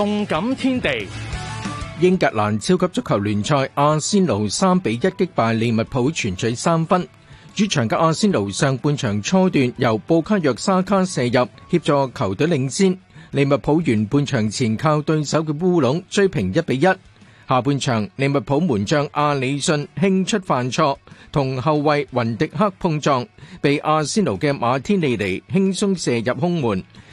動感天地，英格蘭超級足球聯賽，阿仙奴三比一擊敗利物浦，全取三分。主場嘅阿仙奴上半場初段由布卡約沙卡射入，協助球隊領先。利物浦完半場前靠對手嘅烏龍追平一比一。下半場，利物浦門將阿里遜輕出犯錯，同後衛雲迪克碰撞，被阿仙奴嘅馬天尼利輕鬆射入空門。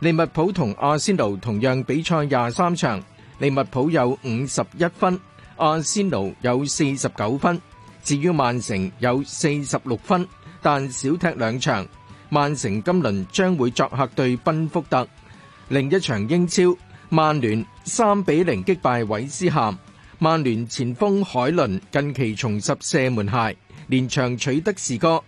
利物浦同阿仙奴同樣比賽廿三場，利物浦有五十一分，阿仙奴有四十九分。至於曼城有四十六分，但少踢兩場。曼城今輪將會作客對賓福特，另一場英超，曼聯三比零擊敗韋斯咸。曼聯前鋒海倫近期重拾射門鞋，連場取得士哥。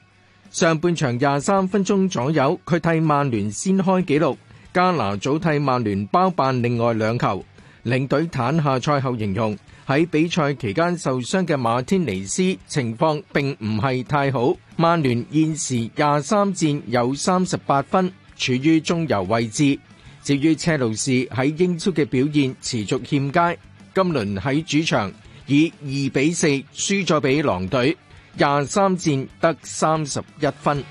上半場廿三分鐘左右，佢替曼聯先開紀錄。加拿祖替曼聯包辦另外兩球，領隊坦下賽後形容喺比賽期間受傷嘅馬天尼斯情況並唔係太好。曼聯現時廿三戰有三十八分，處於中游位置。至於車路士喺英超嘅表現持續欠佳，今輪喺主場以二比四輸咗俾狼隊，廿三戰得三十一分。